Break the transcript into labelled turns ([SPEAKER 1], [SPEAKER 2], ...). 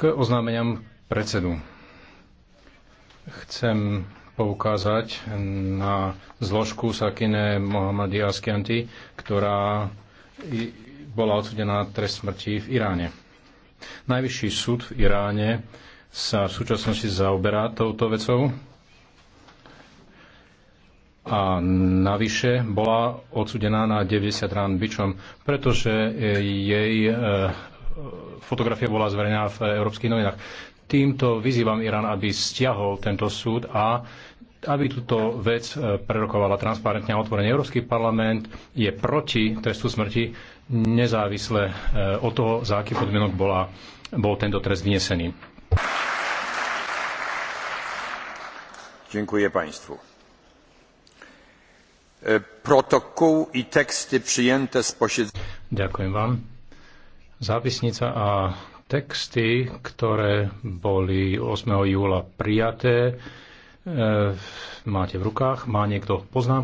[SPEAKER 1] K oznámeniam predsedu. Chcem poukázať na zložku Sakine Mohamadi Askianti, ktorá bola odsudená trest smrti v Iráne. Najvyšší súd v Iráne sa v súčasnosti zaoberá touto vecou a navyše bola odsudená na 90 rán bičom, pretože jej e, E, fotografia bola zverejnená v európskych novinách. Týmto vyzývam Irán, aby stiahol tento súd a aby túto vec e, prerokovala transparentne a otvorene. Európsky parlament je proti trestu smrti nezávisle e, od toho, za aký podmienok bola, bol tento trest vynesený.
[SPEAKER 2] Dziękuję Państwu. Protokół i teksty przyjęte z posiedzenia.
[SPEAKER 1] Ďakujem vám. Zápisnica a texty, ktoré boli 8. júla prijaté, e, máte v rukách. Má niekto poznám?